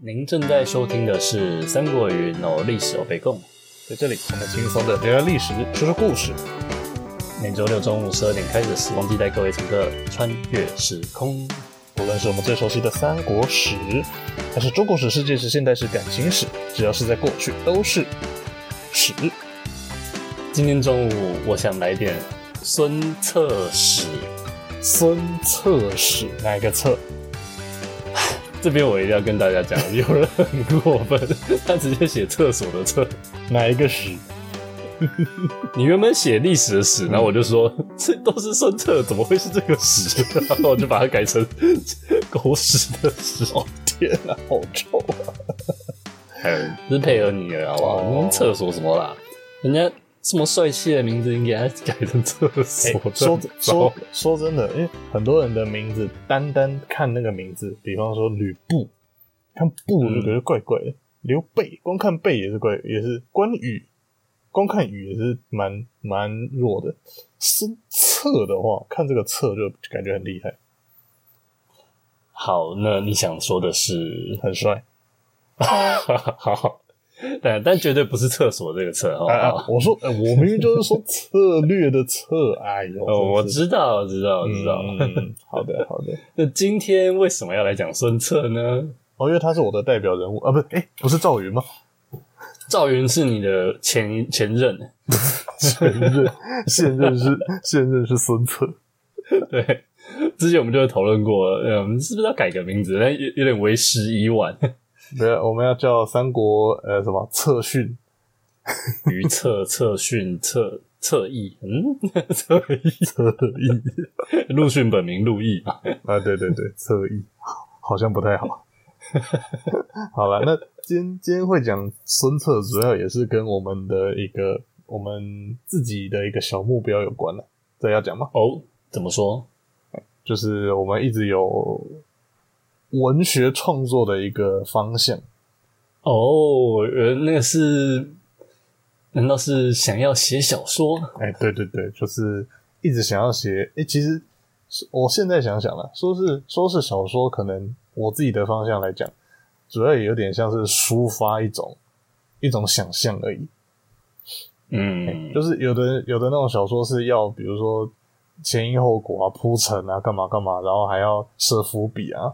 您正在收聽的是《三國瑜雲の歷史歐北共》，在這裡我們輕鬆地聊聊歷史，說說故事。每週六中午十二點開始，時光機帶各位乘客穿越時空。無論是我們最熟悉的三國史，還是中國史、世界史、現代史、感情史，只要是在過去，都是史。今天中午我想來點孫策史，孫策史，哪一個策？這邊我一定要跟大家講，有人很過分，他直接寫廁所的廁，哪一個屎？ 你原本寫歷史的屎，然後我就說這都是孫策，怎麼會是這個屎？然後我就把它改成狗屎的屎。 哦天啊，好臭啊！是 配合你的好不好？Oh. 廁所什麼啦？人家。這麼帥氣的名字，應該改成廁所？欸？說說說真的，因為很多人的名字，單單看那個名字，比方說呂布，看布就覺得怪怪的；劉、嗯、備光看備也是怪，也是關羽，光看羽也是蠻蠻弱的。孫策的話，看這個策就感覺很厲害。好，那你想說的是很帥？哈哈，好。但但絕對不是廁所這個廁、啊啊、哦。啊、我說， 我明明就是說策略的策，哎呦！是是哦、我知道，我知道，我知道。嗯，嗯好的，好的。那今天為什麼要來講孫策呢？哦，因為他是我的代表人物啊，不，哎、欸，不是趙雲嗎？趙雲是你的前前任， 前任現任是 現任是孫策。對，之前我們就討論過，嗯，是不是要改個名字？有有點為時已晚。不要，我們要叫三國呃什麼策遜，瑜策策遜策策議，嗯，策議策議，陸遜異 本名陸議吧？啊，對對對，策議好像不太好。 好了，那今天今天會講孫策，主要也是跟我們的一個我們自己的一個小目標有關了、啊。對，要講嗎？哦，oh, 怎麼說？就是我們一直有。文學創作的一個方向，哦，呃，那個是？難道是想要寫小說？哎、欸，對對對，就是一直想要寫。哎、欸，其實我現在想想啦，說是說是小說，可能我自己的方向來講，主要也有點像是抒發一種一種想象而已。嗯、欸，就是有的有的那種小說是要，比如說前因後果啊，鋪陳啊，幹嘛幹嘛，然後還要設伏筆啊。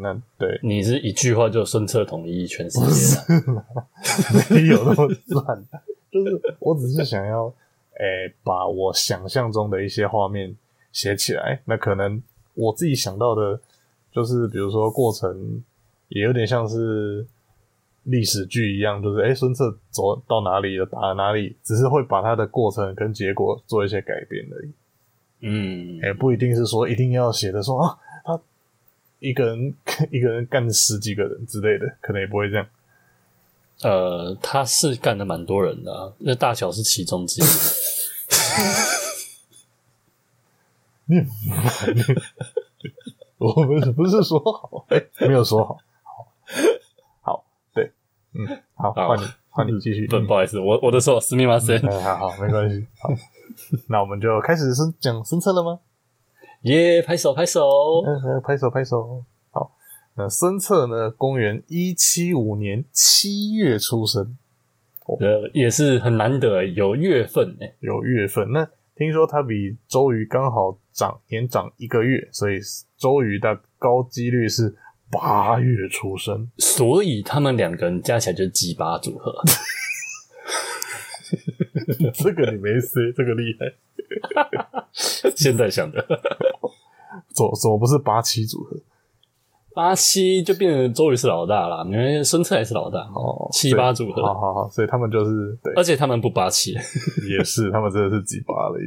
那對你是一句話就孫策統一全世界，啊是，沒有那麼亂？ 就是我只是想要，誒、欸、把我想象中的一些畫面寫起來。那可能我自己想到的，就是比如說過程也有點像是歷史劇一樣，就是誒孫、欸、策走到哪裡了打到哪裡，只是會把他的過程跟結果做一些改變而已。嗯，也、欸、不一定是說一定要寫的說啊。一個人一個人幹十幾個人之類的，可能也不會這樣。呃，他是幹的蠻多人的，啊，那大喬是其中之一。你我們不是說好？哎，沒有說好，好。好，對，嗯，好，換好換你，換你繼續。不，不好意思，我我的手是斯密馬賽。哎，好好，沒關係。好，那我們就開始是講孫策了嗎？耶！Yeah, 拍手拍手，呃，拍手拍手。好，那孫策呢？公元一七五年七月出生，哦，呃，也是很難得有月份呢，有月份。那聽說他比周瑜剛好長年長一個月，所以周瑜的高幾率是八月出生，所以他們兩個人加起來就是幾八組合。 這個你沒說，這個厲害。 現在想的。左左不是八七組合？八七就變成周瑜是老大了，因為孫策也是老大哦，七八組合，好好好，所以他們就是，對，而且他們不八七，也是 他們真的是幾八了一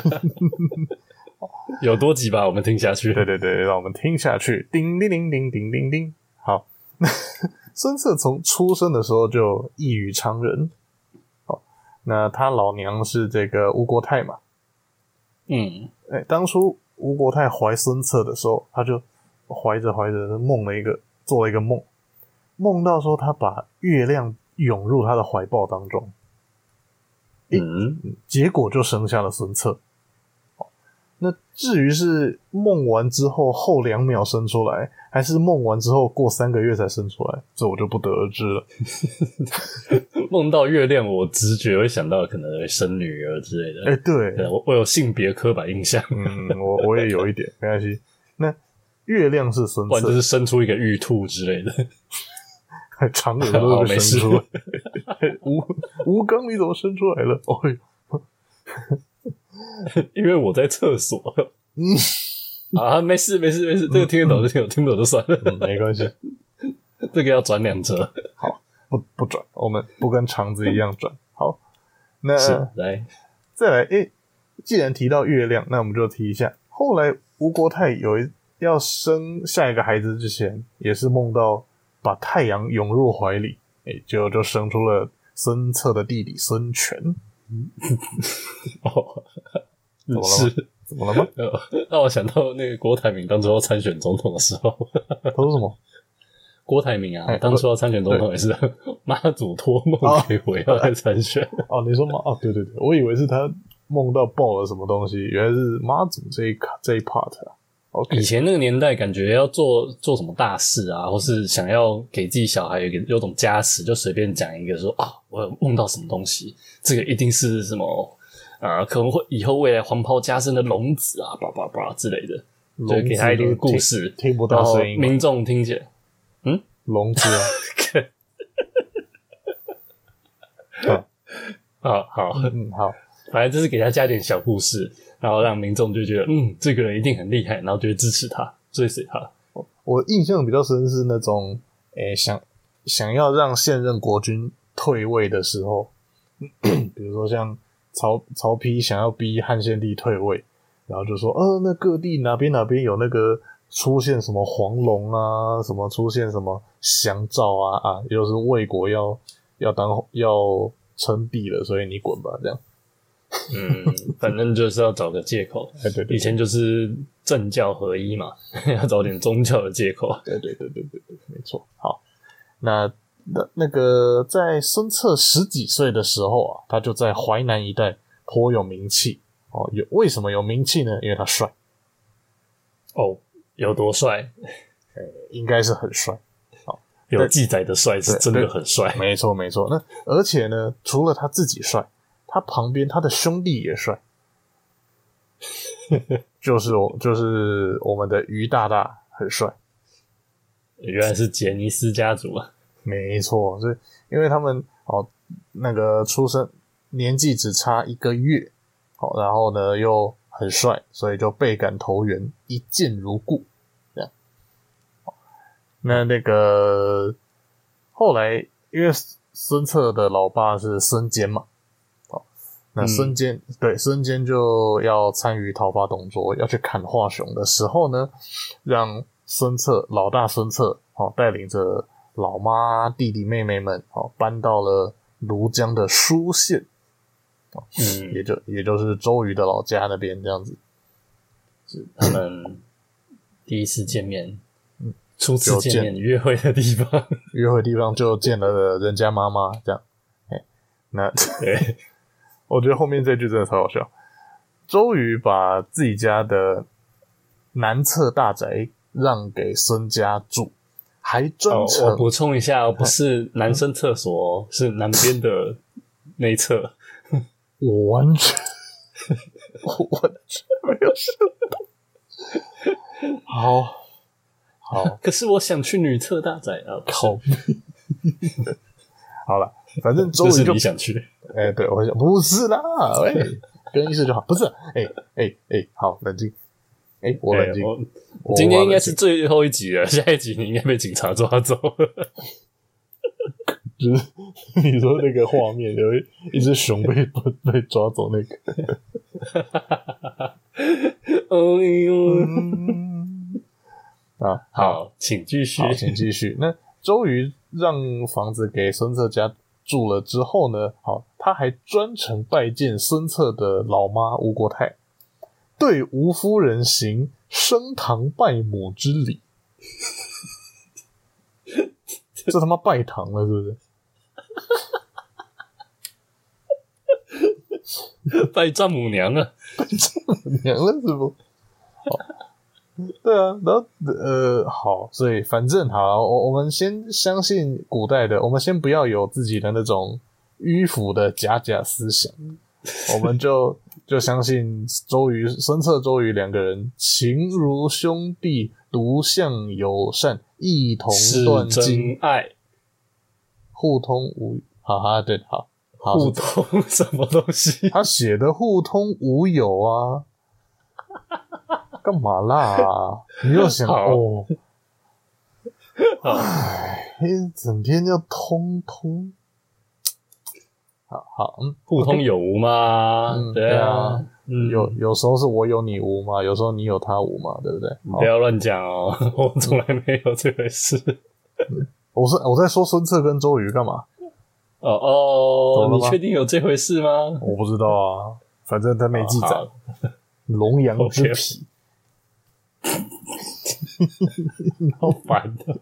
點， 有多幾八，我們聽下去。對對對，讓我們聽下去。叮叮叮叮叮叮叮，叮，叮，好，孫策從出生的時候就異於常人，好，那他老娘是這個吳國太嘛？嗯，哎、欸，當初。吳國太懷孫策的時候，他就懷着懷着夢了一個，做了一個夢，夢到說他把月亮湧入他的懷抱當中，欸，結果就生下了孫策。那至於是夢完之後後兩秒生出來，還是夢完之後過三個月才生出來，這我就不得而知了。夢 到月亮，我直覺會想到可能會生女兒之類的。誒、欸、對，我我有性別刻板印象。嗯，我我也有一點， 沒關係。那月亮是生，出或者是生出一個玉兔之類的，欸、長耳朵的生出吳吳剛，哦 欸、你怎麼生出來了？哦、哎。 因為我在廁所。嗯、啊，沒事，沒事，沒事。這個聽得懂，嗯、就聽得懂，聽不懂就算了，嗯、沒關係。 這個要轉兩折，好，不不轉，我們不跟腸子一樣轉。嗯、好，那是來再來，哎、欸，既然提到月亮，那我們就提一下。後來吳國太有一要生下一個孩子之前，也是夢到把太陽擁入懷裡，哎，就就生出了孫策的弟弟孫權。嗯 是，怎麼了嗎？讓是、哦、我想到那個郭台銘當初要參選總統的時候，他說什麼？郭台銘啊，嗯、當初要參選總統也是媽祖托夢給我要來參選哦、哎。哦，你說媽啊、哦？對對對，我以為是他夢到爆了什麼東西，原來是媽祖這一卡這一 part。啊。Okay、以前那個年代，感覺要做做什麼大事啊，或是想要給自己小孩有一個有種加持，就隨便講一個說啊、哦，我有夢到什麼東西，這個一定是什麼。啊，可能會以後未來黃袍加身的龍子啊，叭叭叭之類的，就給他一點故事，聽聽不到聲音然後。民眾聽見，嗯，龍子，好，啊、嗯、好，嗯好，反正就是給他加點小故事，然後讓民眾就覺得，嗯，這個人一定很厲害，然後就會支持他，追隨他。我印象比較深是那種，誒、欸、想想要讓現任國君退位的時候， 比如說像。曹曹丕想要逼漢獻帝退位，然後就說：“呃，那各地哪邊哪邊有那個出現什麼黃龍啊，什麼出現什麼祥兆啊，啊，又是魏國要要當要稱帝了，所以你滾吧，這樣。 ”嗯，反正就是要找個借口。哎，欸、對，對，對對，以前就是政教合一嘛，嗯、 要找點宗教的借口。對對對對對，沒錯。好，那。那那個在孫策十幾歲的時候啊，他就在淮南一帶頗有名氣哦。有為什麼有名氣呢？因為他帥哦，有多帥？呃，應該是很帥。哦，有記載的帥是真的很帥。沒錯，沒錯。那而且呢，除了他自己帥，他旁邊他的兄弟也帥， 就是我，就是我們的瑜大大很帥。原來是傑尼斯家族啊。沒錯，是因為他們哦，那個出生年紀只差一個月，好、哦，然後呢又很帥，所以就倍感投緣，一見如故，這樣。那那個後來，因為孫策的老爸是孫堅嘛，哦，那孫堅、嗯、對，孫堅就要參與討伐董卓，要去砍華雄的時候呢，讓孫策老大孫策哦帶領着。老媽、弟弟、妹妹們，哦，搬到了廬江的舒縣，哦，嗯，也就也就是周瑜的老家那邊這樣子，是他們第一次見面，嗯，初次見面約會的地方，見約會的地方就見了人家媽媽 這樣，哎，那對，我覺得後面這句真的超好笑，周瑜把自己家的南側大宅讓給孫家住。還正、哦、我補充一下，不是男生廁所，好是南邊的內廁。 我完全，我完全沒有想到。好好，可是我想去女廁大仔啊！考 好，好了，反正中午就，就是你想去。哎、欸，對，我想不是啦。哎， okay, 跟意思就好，不是？哎哎哎，好，冷靜。哎、欸，我冷靜、欸、我、我冷今天應該是最後一集了。下一集你應該被警察抓走。 就是你說那個畫面，有 一隻熊被被 被抓走那個。哦呦！啊，好，請繼續，請繼續。那周瑜讓房子給孫策家住了之後呢？好，他還專程拜見孫策的老媽吳國太。對吳夫人行升堂拜母之禮， 這他媽拜堂了，是不是？拜丈母娘啊？拜丈母娘了，娘了是不是好？對啊，然後呃，好，所以反正好，我我們先相信古代的，我們先不要有自己的那種迂腐的假假思想。 我們就就相信周瑜、孫策、周瑜兩個人情如兄弟，獨相友善，一同斷金愛，互通無好哈哈，對，好，互通好什麼東西？他寫的互通無有啊， 幹嘛啦、啊？你又想 好哦？哎 好，整天就通通。好好，好嗯、Okay. 互通有無嘛？嗯、對啊，對啊有有時候是我有你無嘛，有時候你有他無嘛，對不對？嗯、好不要亂講哦，嗯、我從來沒有這回事。我是我在說孫策跟周瑜幹嘛？哦哦，哦你確定有這回事嗎？我不知道啊，反正他沒記載。龍陽之癖，好煩 的。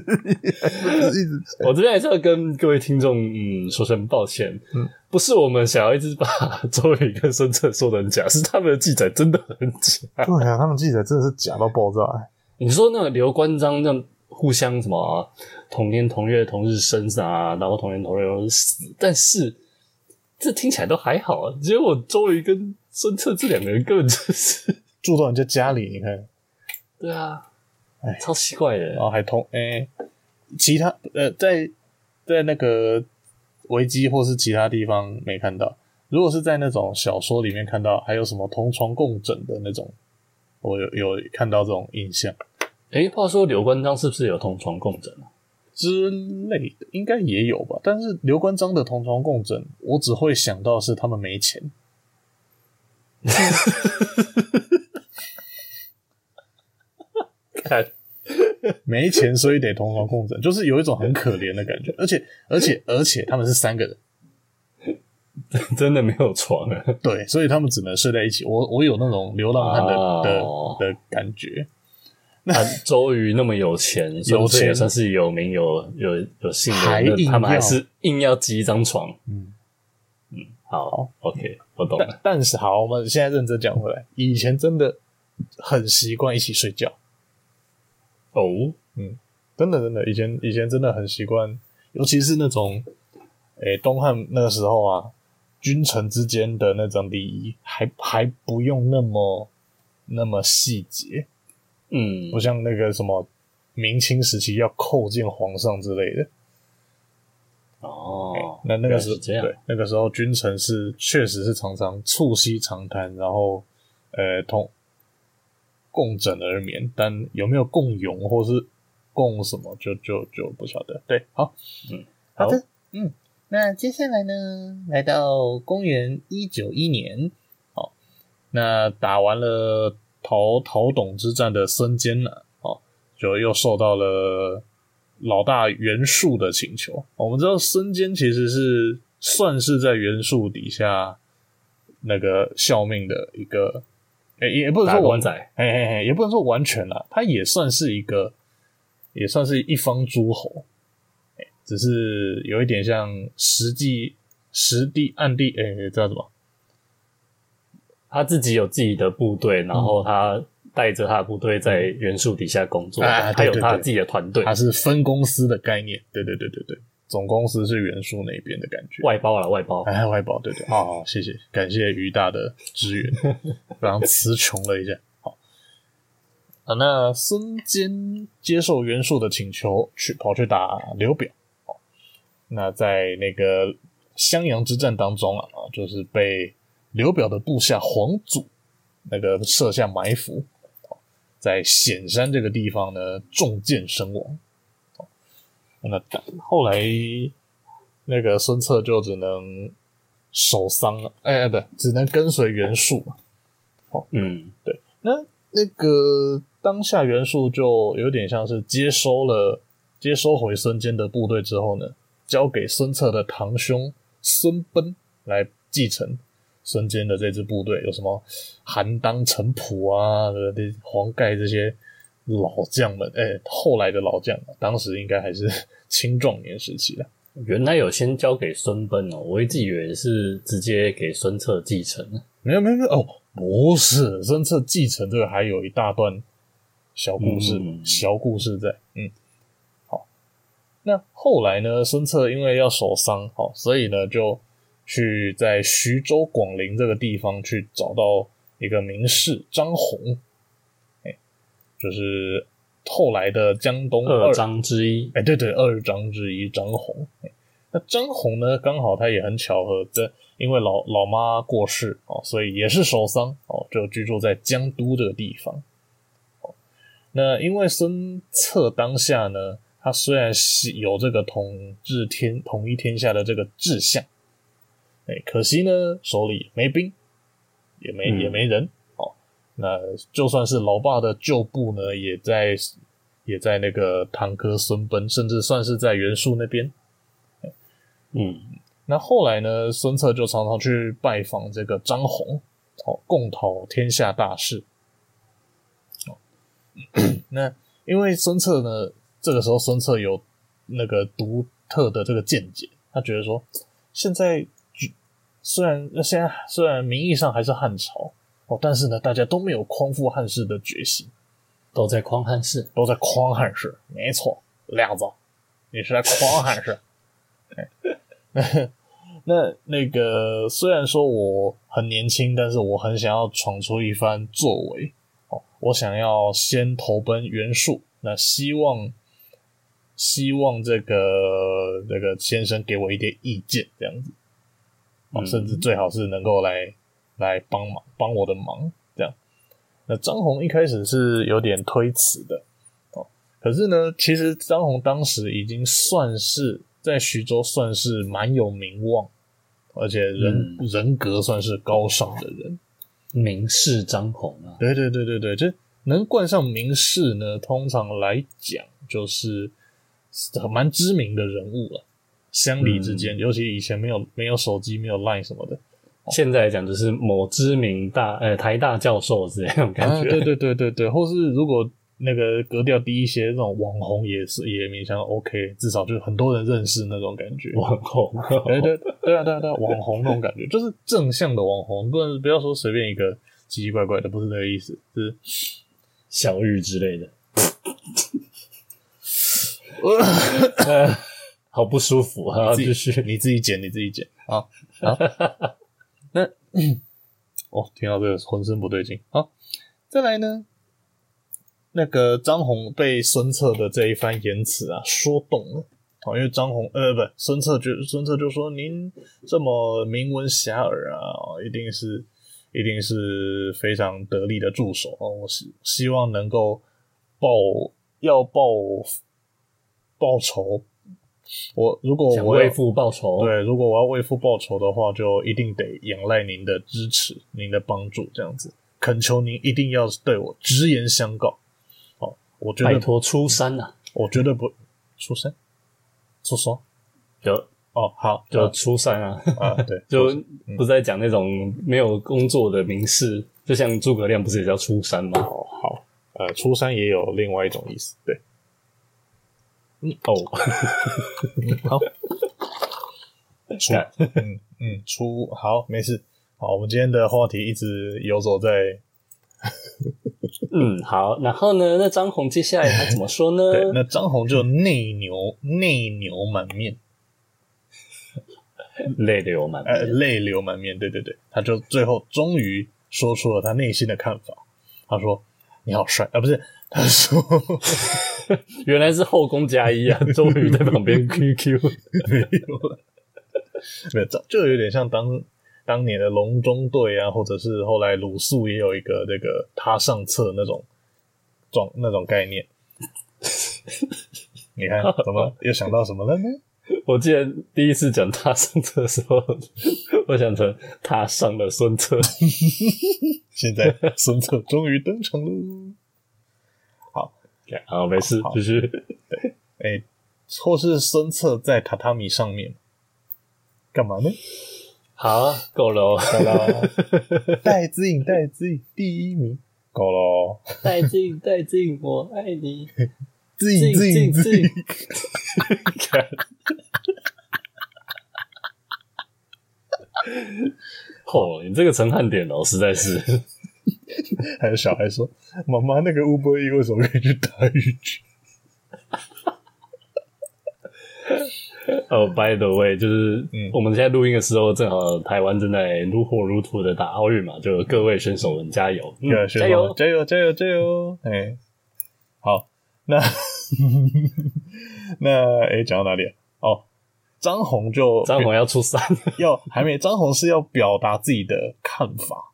一直 我這邊還是要跟各位聽眾嗯說聲抱歉，嗯，不是我們想要一直把周瑜跟孫策說得很假，是他們的記載真的很假，對啊，他們記載真的是假到爆炸，欸。你說那個劉關張這樣互相什麼、啊、同年同月同日生啊，然後同年同月同日死，但是這聽起來都還好，啊，結果周瑜跟孫策這兩個人根本就是 住到人家家裡，你看，對啊。哎，欸、超奇怪的、欸。然後還同哎、欸，其他呃，在在那個危機或是其他地方沒看到。如果是在那種小說裡面看到，還有什麼同床共枕的那種，我有有看到這種印象。哎、欸，話說劉關張是不是有同床共枕啊之類的？應該也有吧。但是劉關張的同床共枕，我只會想到是他們沒錢。 沒錢，所以得同床共枕，就是有一種很可憐的感覺。而且，而且，而且，他們是三個人， 真的沒有床，啊。對，所以他們只能睡在一起。我，我有那種流浪漢的、哦、的的感覺。那、啊、周瑜那麼有錢，有錢算是有名有有有姓的，他們還硬是硬要擠一張床。嗯嗯，好嗯，OK，我懂了但，但是好，我們現在認真講回來，以前真的很習慣一起睡覺。哦，嗯，真的，真的，以前以前真的很習慣，尤其是那種，誒、欸，東漢那個時候啊，君臣之間的那種禮儀，還還不用那麼那麼細節，嗯，嗯，不像那個什麼明清時期要叩見皇上之類的。哦、欸，那那個時候這樣。對，那個時候君臣是確實是常常促膝長談，然後，呃，同。共枕而眠，但有沒有共用或是共什麼就，就就就不曉得。對，好，嗯，好，好的，嗯，那接下來呢，來到公元一九一年，好，那打完了陶陶董之戰的孫堅呢，哦，就又受到了老大袁術的請求。我們知道孫堅其實是算是在袁術底下那個效命的一個。哎、欸欸，也不能說完仔，嘿嘿也不能說完全了，他也算是一個，也算是一方諸侯，欸，只是有一點像實際、實地、暗地，哎、欸，叫什麼？他自己有自己的部隊，然後他帶着他的部隊在袁術底下工作，嗯、還有他自己的團隊，啊啊，他是分公司的概念，對對對對對。總公司是袁術那邊的感覺，外包了，外包，哎，外包，對對，好、 哦，謝謝，感謝於大的支援， 非常詞窮了一下，好，啊，那孫堅接受袁術的請求去，去跑去打劉表，那在那個襄陽之戰當中啊，就是被劉表的部下黃祖那個設下埋伏，在峴山這個地方呢，中箭身亡。那、嗯、後來，那個孫策就只能守喪了，哎對，只能跟隨袁術。哦，嗯，對。那那個當下袁術就有點像是接收了接收回孫堅的部隊之後呢，交給孫策的堂兄孫賁來繼承孫堅的這支部隊，有什麼韓當、程普啊，這黃蓋這些。老將們，誒、欸、後來的老將，當時應該還是青壯年時期的。原來有先交給孫賁哦、喔，我一直以為是直接給孫策繼承。沒有沒有沒有，哦，不是，孫策繼承這個還有一大段小故事，嗯、小故事在。嗯，好。那後來呢，孫策因為要守喪，好，所以呢就去在徐州廣陵這個地方去找到一個名士張紘。就是後來的江東二張之一，哎，欸、對對，二張之一張紘。那張紘呢，剛好他也很巧合的，因為老老媽過世哦，所以也是守喪哦，就居住在江都這個地方。那因為孫策當下呢，他雖然是有這個統治天統一天下的這個志向，哎，可惜呢手裡沒兵，也沒也沒人。嗯那就算是老爸的舊部呢，也在也在那個堂哥孫賁，甚至算是在袁術那邊。嗯，那後來呢，孫策就常常去拜訪這個張紘。哦，共討天下大事。 那因為孫策呢，這個時候孫策有那個獨特的這個見解，他覺得說，現在雖然現在雖然名義上還是漢朝。哦，但是呢，大家都沒有匡復漢室的決心，都在匡漢室，都在匡漢室，沒錯，靚仔，你是在匡漢室。那那個雖然說我很年輕，但是我很想要闖出一番作為。哦，我想要先投奔袁術，那希望希望這個這個先生給我一點意見，這樣子。哦，甚至最好是能夠來。嗯來幫忙，幫我的忙這樣。那張宏一開始是有點推辭的，哦，可是呢，其實張宏當時已經算是在徐州算是蠻有名望，而且人、嗯、人格算是高尚的人，名士張宏啊，對對對對對，就能冠上名士呢。通常來講，就是很蠻知名的人物了、啊，鄉里之間，嗯、尤其以前沒有沒有手機，沒有 line 什麼的。現在來講，就是某知名大呃台大教授之類那種感覺。對、啊、對對對對，或是如果那個格調低一些，那種網紅也是也勉強 OK，至少就是很多人認識那種感覺。網紅、哦，哎對對啊對啊對，對對對對網紅那種感覺，對就是正向的網紅，不能不要說隨便一個奇奇怪怪的，不是那個意思，就是小玉之類的。好不舒服啊！繼續你自己剪你自己剪啊啊！啊 哦，聽到這個渾身不對勁。好，再來呢，那個張宏被孫策的這一番言辭啊說動了啊，哦，因為張宏呃，不，孫策就孫策就說：“您這麼名聞遐邇啊，哦，一定是一定是非常得力的助手啊，我，哦，希希望能夠報要報報仇。”我如果我為父報仇，對，如果我要為父報仇的話，就一定得仰賴您的支持、您的幫助，這樣子，懇求您一定要對我直言相告。哦，我覺得，拜託，出山啊，我絕對不出山。說說。就哦，好就出山、呃、啊！啊，對， 就不再講那種沒有工作的名士，嗯、就像諸葛亮不是也叫出山嗎？哦，好，呃，出山也有另外一種意思，對。哦，好，oh. 出， 嗯嗯，出，好，沒事，好，我們今天的話題一直游走在， 嗯，好，然後呢，那張紅接下來還怎麼說呢？ 對，那張紅就內牛，內牛滿面， 淚流滿面，面、呃、淚流滿面，對對對，他就最後終於說出了他內心的看法，他說：“你好帥啊、呃！”不是，他說。 原來是後宮加一啊！終於在旁邊，QQ 沒有了，沒有找，就有點像當當年的隆中對啊，或者是後來魯肅也有一個那個他上策那種狀那種概念。你看，怎麼又想到什麼了呢？我記得第一次講他上策的時候，我想成他上了孫策， 現在孫策終於登場了好，yeah, oh, oh, 沒事，就是誒或是孫策在榻榻米上面幹嘛呢？好，夠了、哦，夠了、呃。戴資穎，戴資穎，第一名，夠了、哦。戴資穎，戴資穎，我愛你。資穎資穎資穎。看。嚯、 哦，你這個陳漢典哦，實在是。 還有小孩說：“媽媽，那個烏波伊為什麼可以去打羽球？”哦、oh，by the way，就是我們現在錄音的時候，正好台灣正在如火如荼的打奧運嘛，就各位選手們加油，各位、嗯嗯、選手加油，加油，加油、嗯，加油！哎，好，那 那哎，講、欸、到哪裡了？哦，張紅就張紅要出山， 要還沒？張紅是要表達自己的看法。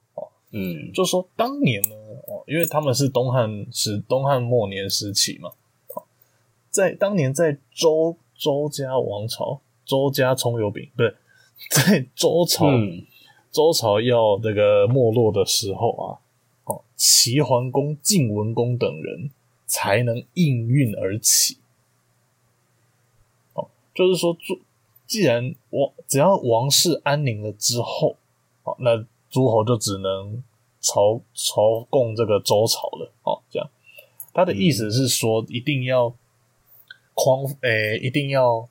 嗯，就說當年呢，哦，因為他們是東漢，是東漢末年時期嘛，在當年在周周家王朝，周家蔥油餅，對，在周朝，嗯，周朝要那個沒落的時候啊，哦，齊桓公、晉文公等人才能應運而起，哦，就是說，既然王只要王室安寧了之後，那。諸侯就只能朝朝貢這個周朝了，哦，這樣，他的意思是說，一定要匡，誒、欸，一定要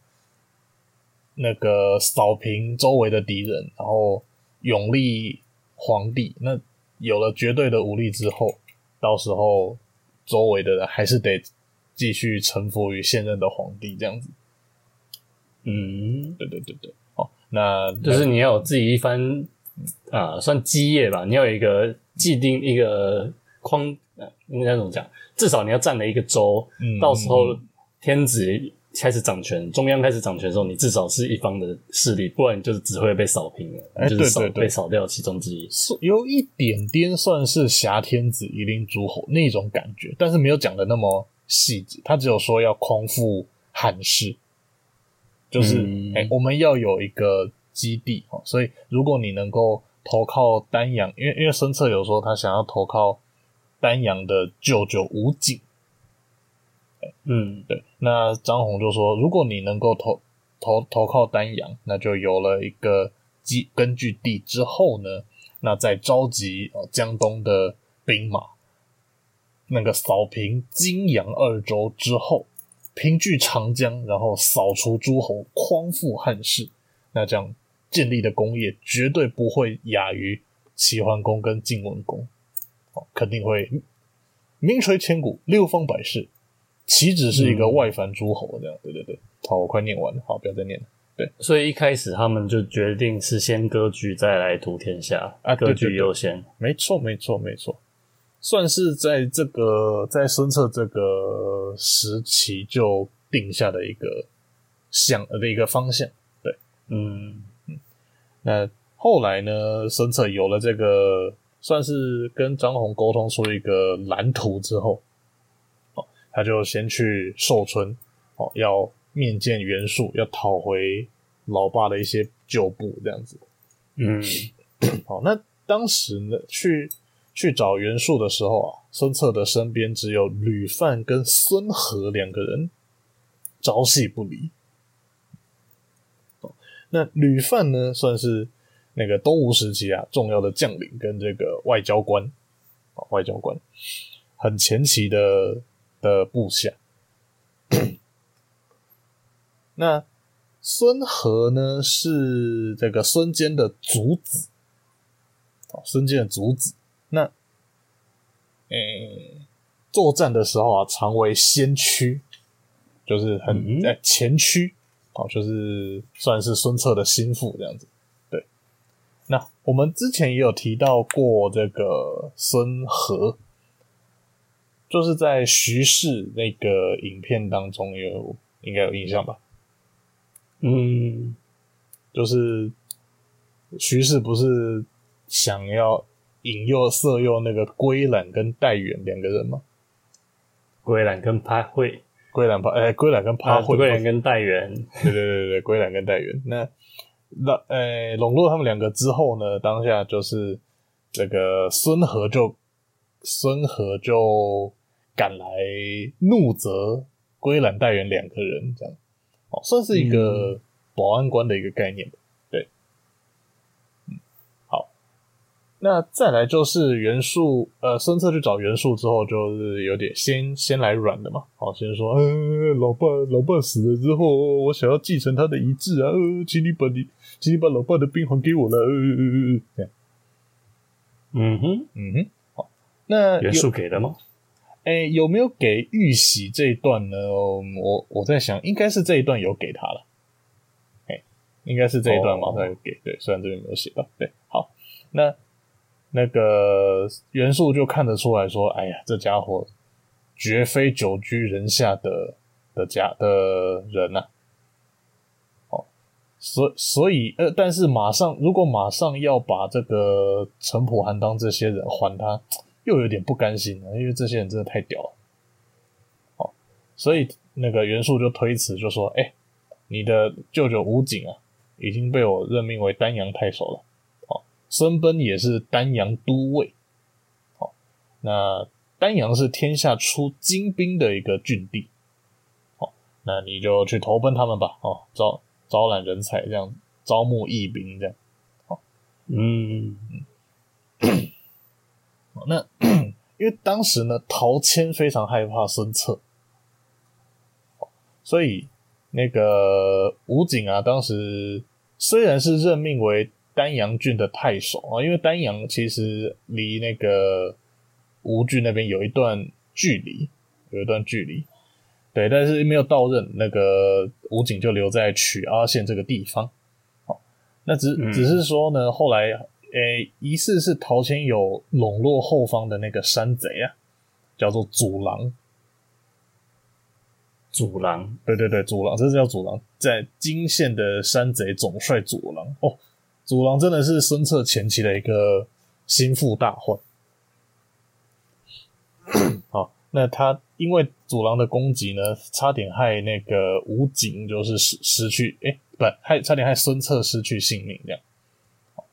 那個掃平周圍的敵人，然後擁立皇帝。那有了絕對的武力之後，到時候周圍的人還是得繼續臣服於現任的皇帝，這樣子。嗯，對對對對，哦，那就是你要有自己一番。啊，算基業吧，你要有一個既定一個框，啊、應該怎麼講？至少你要占了一個州，嗯嗯、到時候天子開始掌權，中央開始掌權的時候，你至少是一方的勢力，不然你就是只會被掃平了，就是、欸、對對對被掃掉其中之一。是有一點點算是挾天子以令諸侯那種感覺，但是沒有講的那麼細節，他只有說要匡復漢室，就是、嗯欸、我們要有一個基地哦，所以如果你能夠投靠丹陽，因為因為孫策有說他想要投靠丹陽的舅舅吳景，嗯，對，那張宏就說，如果你能夠投投投靠丹陽，那就有了一個基根據地之後呢，那再召集江東的兵馬，那個掃平荊揚二州之後，憑據長江，然後掃除諸侯，匡復漢室，那這樣。建立的功業絕對不會亞於齊桓公跟晉文公，哦，肯定會名垂千古、流芳百世，豈止是一個外藩諸侯這樣？嗯、對對對。好，我快念完了，好，不要再念了。對，所以一開始他們就決定是先割據，再來圖天下啊，割據優先。沒錯，沒錯，沒錯，算是在這個在孫策這個時期就定下的一個想的一個方向。對，嗯。那後來呢？孫策有了這個，算是跟張紘溝通出一個藍圖之後，哦，他就先去壽春，哦，要面見袁術，要討回老爸的一些舊部，這樣子。嗯，好、嗯哦，那當時呢，去去找袁術的時候啊，孫策的身邊只有呂範跟孫河兩個人，朝夕不離。那呂範呢，算是那個東吳時期啊，重要的將領跟這個外交官啊、哦，外交官很前期的的部下。 那孫河呢，是這個孫堅的族子，哦、孫堅的族子。那，嗯作戰的時候啊，常為先驅，就是很、嗯哎、前驅。哦，就是算是孫策的心腹這樣子，對。那我們之前也有提到過這個孫河，就是在徐氏那個影片當中，有應該有印象吧？嗯，嗯，就是徐氏不是想要引誘、色誘那個媯覽跟戴員兩個人嗎？媯覽跟潘會歸蘭怕，哎，歸、欸、蘭跟怕會，歸蘭、啊、跟戴元， 對對對對，歸蘭跟戴元，那那，哎、欸，籠絡他們兩個之後呢，當下就是這個孫河就孫河就趕來怒責歸蘭戴元兩個人，這樣，哦，算是一個保安官的一個概念吧。嗯那再來就是袁術，呃，孫策去找袁術之後，就是有點先先來軟的嘛，好，先說，嗯、欸，老爸老爸死了之後，我想要繼承他的遺志啊、呃，請你把你，請你把老爸的兵還給我了，這、呃、樣。嗯哼，嗯哼，好，那袁術給了嗎？誒、欸，有沒有給玉玺這一段呢？嗯、我我在想，應該是這一段有給他了，誒、欸，應該是這一段馬上有給，哦、okay, 對，雖然這邊沒有寫到，對，好，那。那個袁術就看得出來說：“哎呀，這家伙絕非久居人下的的家的人吶、啊，哦，所所以呃，但是馬上如果馬上要把這個程普、韓當這些人還他，又有點不甘心啊，因為這些人真的太屌了，哦，所以那個袁術就推辭，就說：‘哎，你的舅舅吳景啊，已經被我任命為丹陽太守了。’孫奔也是丹陽都尉，那丹陽是天下出精兵的一個郡地，那你就去投奔他們吧。哦，招招攬人才，這樣招募義兵，這樣，嗯， 那咳咳因為當時呢，陶謙非常害怕孫策，所以那個武警啊，當時雖然是任命為。丹陽郡的太守啊，因為丹陽其實離那個吳郡那邊有一段距離，有一段距離，對，但是沒有到任，那個吳景就留在曲阿縣這個地方。哦、那只只是說呢，嗯、後來，誒、欸、疑似是陶謙有籠絡後方的那個山賊啊，叫做祖郎，祖郎，對對對，祖郎，這是叫祖郎，在涇縣的山賊總帥祖郎哦。祖郎真的是孫策前期的一個心腹大患好、 哦，那他因為祖郎的攻擊呢，差點害那個吳景，就是失失去，哎、欸，不然，害差點害孫策失去性命這樣、哦。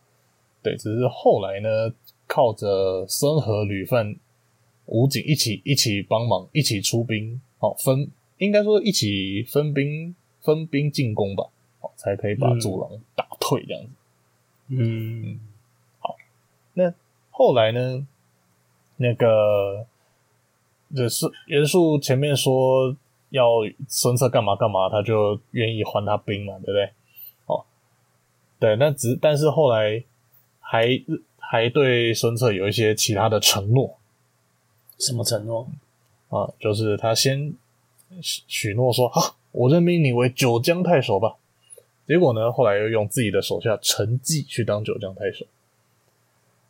對，只是後來呢，靠着孫和呂範、吳景一起一起幫忙，一起出兵，哦，分應該說一起分兵分兵進攻吧，哦，才可以把祖郎打退這樣子。嗯嗯，好，那後來呢？那個，這、就是袁術前面說要孫策幹嘛幹嘛，他就願意還他兵嘛，對不對？哦，對，那只但是後來還還對孫策有一些其他的承諾，什麼承諾？啊，就是他先許許諾說啊，我任命你為九江太守吧。結果呢？後來又用自己的手下陳紀去當九江太守。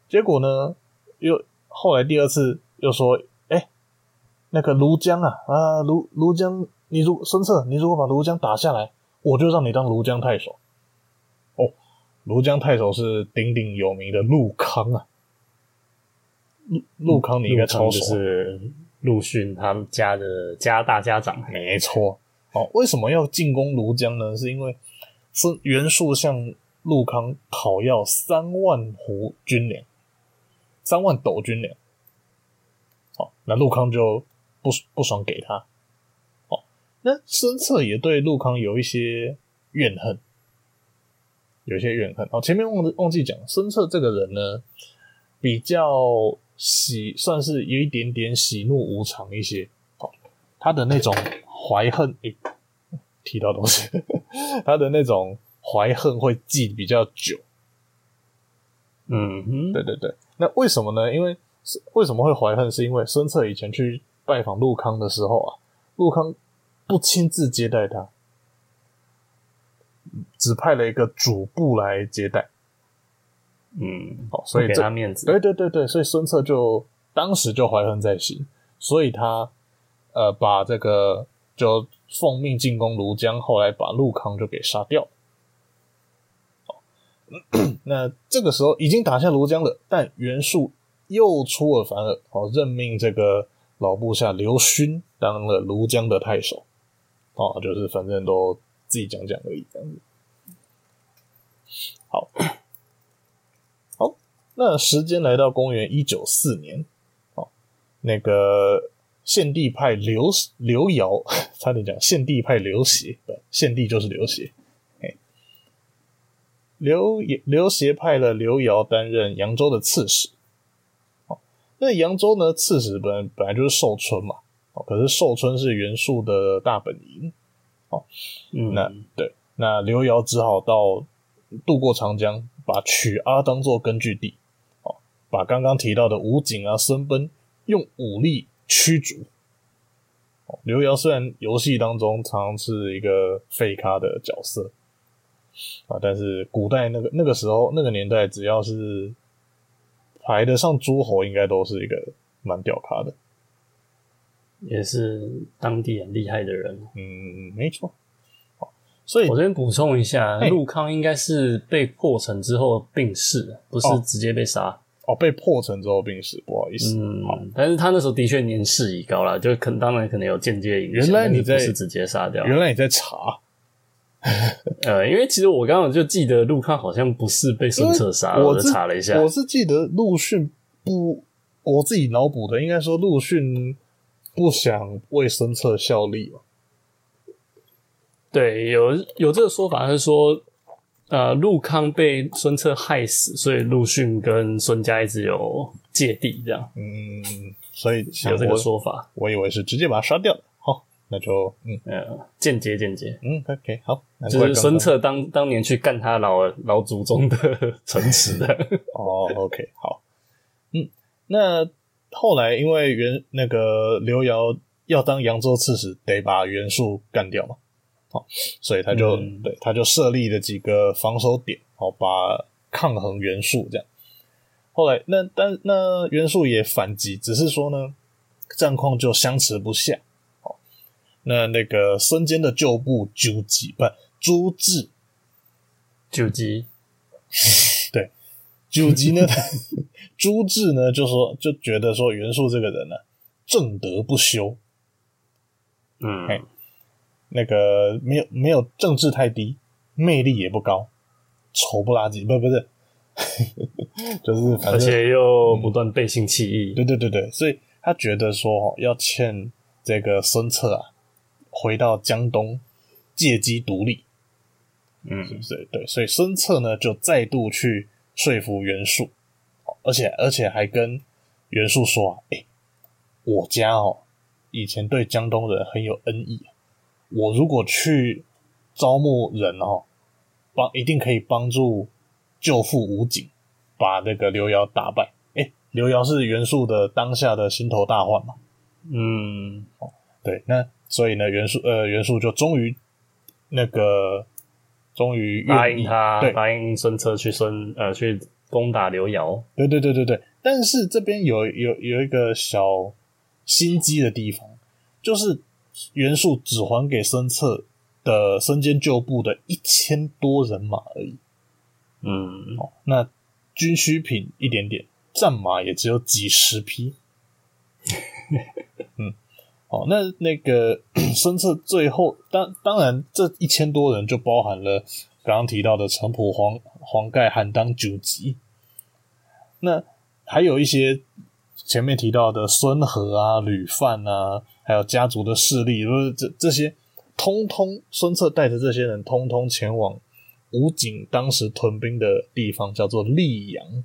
結果呢？又後來第二次又說：“哎、欸，那個廬江啊，啊廬廬江，你如孫策，你如果把廬江打下來，我就讓你當廬江太守。”哦，廬江太守是鼎鼎有名的陸康啊。陸陸康，你應該稱呼是陸遜他家的家大家長。沒錯。哦，為什麼要進攻廬江呢？是因為。孫，袁術向陸康討要三萬斛軍糧，三萬斗軍糧。好，那陸康就不不爽給他。好，那孫策也對陸康有一些怨恨，有一些怨恨。好，前面忘忘記講，孫策這個人呢，比較喜，算是有一點點喜怒無常一些。好，他的那種懷恨。提到東西，他的那種懷恨會記比較久。嗯哼，對對對。那為什麼呢？因為為什麼會懷恨？是因為孫策以前去拜訪陸康的時候啊，陸康不親自接待他，只派了一個主簿來接待。嗯，好，所以給他面子。對對對對，所以孫策就當時就懷恨在心，所以他呃把這個。就奉命進攻廬江，後來把陸康就給殺掉。哦，嗯。那這個時候已經打下廬江了，但袁術又出爾反爾，哦，任命這個老部下劉勳當了廬江的太守。哦，就是反正都自己講講而已，這樣子。好，好，那時間來到公元一九四年，哦，那個。獻帝派劉劉繇，差點講獻帝派劉協，對，獻帝就是劉協，哎，劉劉協派了劉繇擔任揚州的刺史。哦，那揚州呢？刺史本本來就是壽春嘛。哦，可是壽春是袁術的大本營。哦，嗯，那對，那劉繇只好到渡過長江，把曲阿當做根據地。哦，把剛剛提到的吳景啊、孫賁用武力驅逐，劉繇雖然遊戲當中常常是一個廢咖的角色啊，但是古代那個那個時候那個年代，只要是排得上諸侯，應該都是一個蠻屌咖的，也是當地很厲害的人。嗯，沒錯。所以我這邊補充一下，陸嘿康應該是被破城之後病逝，不是直接被殺。哦哦，被破城之後病死，不好意思。嗯，好但是他那時候的確年事已高了，嗯、就可能當然可能有間接影響，原來你在是是直接殺掉？原來你在查？ 呃，因為其實我剛好就記得陸康好像不是被孫策殺，我，我就查了一下，我是記得陸遜不，我自己腦補的，應該說陸遜不想為孫策效力。對，有有這個說法是說。呃，陸康被孫策害死，所以陸遜跟孫家一直有芥蒂，這樣。嗯，所以有這個說法。我以為是直接把他殺掉。好、哦，那就嗯，呃、間接間接。嗯，OK，好。就是孫策當當年去幹他老老祖宗的城池的。 哦，OK，好。嗯，那後來因為袁那個劉繇要當揚州刺史，得把袁術幹掉嘛。哦，所以他就、嗯、對他就設立了幾個防守點，哦，把抗衡袁術這樣。後來那但那袁術也反擊，只是說呢，戰況就相持不下。哦，那那個孫堅的舊部朱吉，不朱治，朱吉吉， 對朱吉呢， 朱治呢就說就覺得說袁術這個人呢、啊、正德不修，嗯。嘿那個沒有沒有政治太低，魅力也不高，醜不拉幾，不不是，不是 就是反正，而且又不斷背信棄義，嗯，對對對對，所以他覺得說哦，要勸這個孫策啊，回到江東借機獨立，嗯，對對，所以孫策呢就再度去說服袁術，而且而且還跟袁術說啊，哎，我家哦以前對江東人很有恩義，啊。我如果去招募人哦，幫一定可以幫助舅父吳景，把那個劉繇打敗。哎、欸，劉繇是袁術的當下的心頭大患嘛？嗯，對。那所以呢，袁術呃，袁術就終於那個終於答應他，對答應孫策去孫呃去攻打劉繇。對對對對對。但是這邊有有有一個小心機的地方，就是。袁術只還給孫策的孫堅舊部的一千多人馬而已，嗯、哦，那軍需品一點點，戰馬也只有幾十匹， 嗯，好、哦，那那個孫策 最後，當當然，這一千多人就包含了剛剛提到的程普、黃黃蓋、韓當九級，那還有一些。前面提到的孫河啊、呂範啊，還有家族的勢力，都、就是這這些，通通孫策帶着這些人，通通前往吳景當時屯兵的地方，叫做溧陽。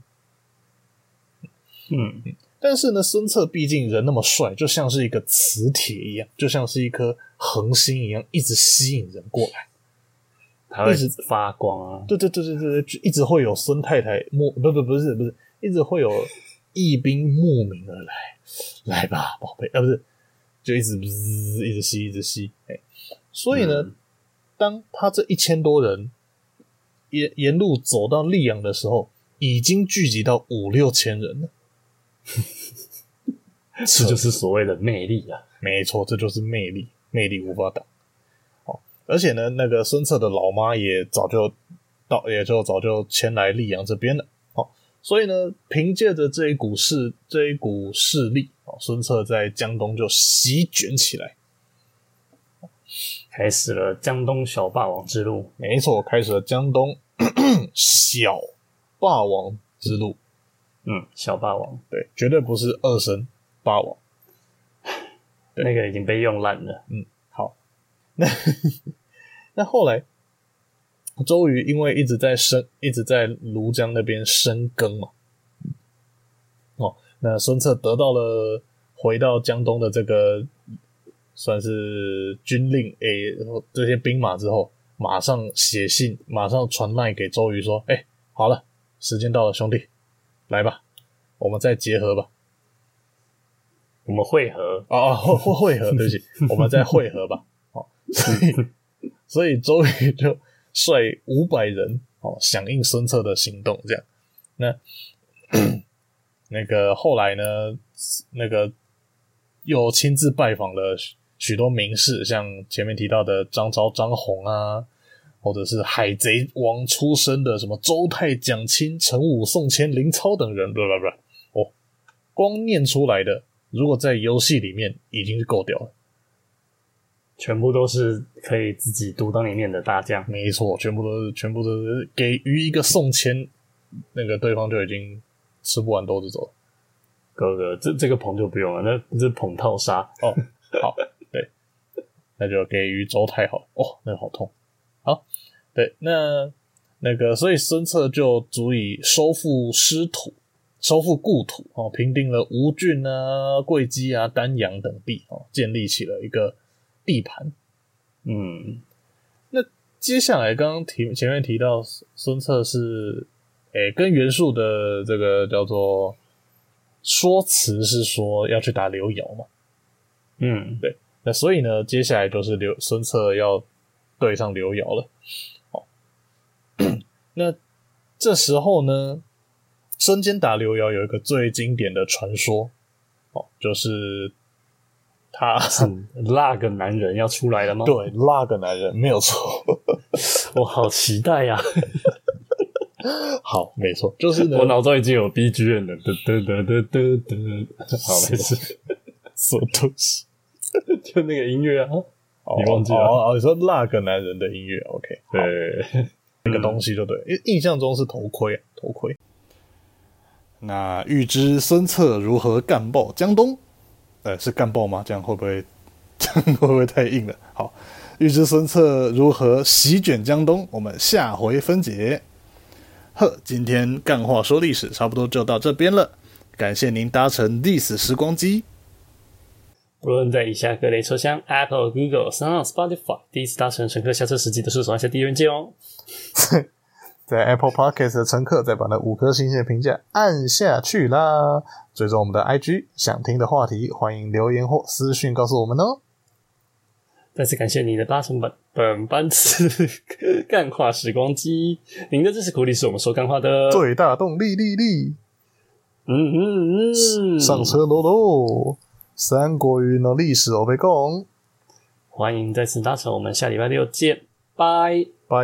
嗯，但是呢，孫策畢竟人那麼帥，就像是一個磁鐵一樣，就像是一顆恆星一樣，一直吸引人過來，他會 一直發光啊！對對對對對對，一直會有孫太太摸，不不，不不不，不是不是，一直會有。義兵慕名而來，來吧，寶貝啊，不是，就一直嘶嘶，一直吸，一直吸。哎、欸，所以呢，嗯、當他這一千多人沿沿路走到歷陽的時候，已經聚集到五六千人了。呵呵，這就是所謂的魅力啊！沒錯，這就是魅力，魅力無法擋。哦，而且呢，那個孫策的老媽也早就到，也就早就遷來歷陽這邊了。所以呢，憑借着這一股勢，這一股勢力啊，哦，孫策在江東就席捲起來，開始了江東小霸王之路。沒錯，開始了江東咳咳小霸王之路。嗯，小霸王，對，絕對不是二神霸王，那個已經被用爛了。嗯，好，那 那後來。周瑜因為一直在深，一直在廬江那邊深耕嘛，哦，那孫策得到了回到江東的這個算是軍令，誒，這些兵馬之後，馬上寫信，馬上傳賴給周瑜說，哎、欸，好了，時間到了，兄弟，來吧，我們再結合吧，我們會合，啊、哦，會合，對不起， 我們再會合吧，好、哦，所以所以周瑜就。率五百人哦，響應孫策的行動這樣。那那個後來呢？那個又親自拜訪了許許多名士，像前面提到的張昭、張紘啊，或者是海賊王出身的什麼周泰、蔣欽、陳武、宋謙、林超等人，不不不哦，光念出來的，如果在遊戲裡面已經是夠屌了。全部都是可以自己獨當一面的大將，沒錯，全部都是，全部都是給予一個送簽，那個對方就已經吃不完兜著走了。哥哥，這這個捧就不用了，那這捧套殺哦。好，對，那就給予周泰好了。哦，那個好痛。好，對，那那個，所以孫策就足以收復失土，收復故土哦，平定了吳郡啊、會稽啊、丹陽等地哦，建立起了一個。地盤，嗯，那接下來剛剛提前面提到孫策是，誒、欸，跟袁術的這個叫做說辭是說要去打劉繇嘛，嗯，對，那所以呢，接下來就是劉孫策要對上劉繇了，哦， 那這時候呢，孫堅打劉繇有一個最經典的傳說，哦，就是。他很那個男人要出來了嗎？對，那個男人沒有錯， 我好期待呀、啊！ 好，沒錯，就是我腦中已經有 BGM 了，嘚嘚嘚嘚嘚嘚。好，沒事的。什麼東西？就那個音樂啊？Oh, 你忘記了？哦，oh, oh, oh, 你說那個男人的音樂？OK，oh. 對， 那個東西就對，印象中是頭盔啊，頭盔。 那預知孫策如何幹爆江東？呃，是幹爆嗎？這樣會不會，這樣會不會太硬了？好，預知孫策如何席捲江東，我們下回分解。呵，今天幹話說歷史差不多就到這邊了，感謝您搭乘歷史時光機。無論在以下各類車廂，Apple、Google、SoundOn、Spotify，第一次搭乘乘客下車時記得左下第一按鍵哦。 在 Apple Podcast 的乘客，再把那五顆星星的評價按下去啦！追蹤我們的 IG，想聽的話題，歡迎留言或私訊告訴我們哦。再次感謝你的搭乘本本班次，乾跨時光機！您的支持鼓勵是我們說乾話的最大動力力力。嗯嗯嗯，上車囉囉，三國瑜雲の歷史歐北共。歡迎再次搭乘，我們下禮拜六見，拜拜。